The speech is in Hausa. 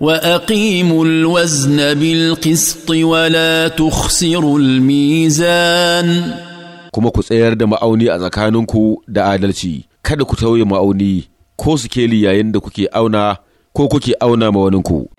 واقيموا الوزن بالقسط ولا تخسروا الميزان kuma ku tsayar da ma'auni a tsakaninku da adalci kada ku tauye ma'auni ko sikeli yayin da kuke auna ko kuke auna ma waninku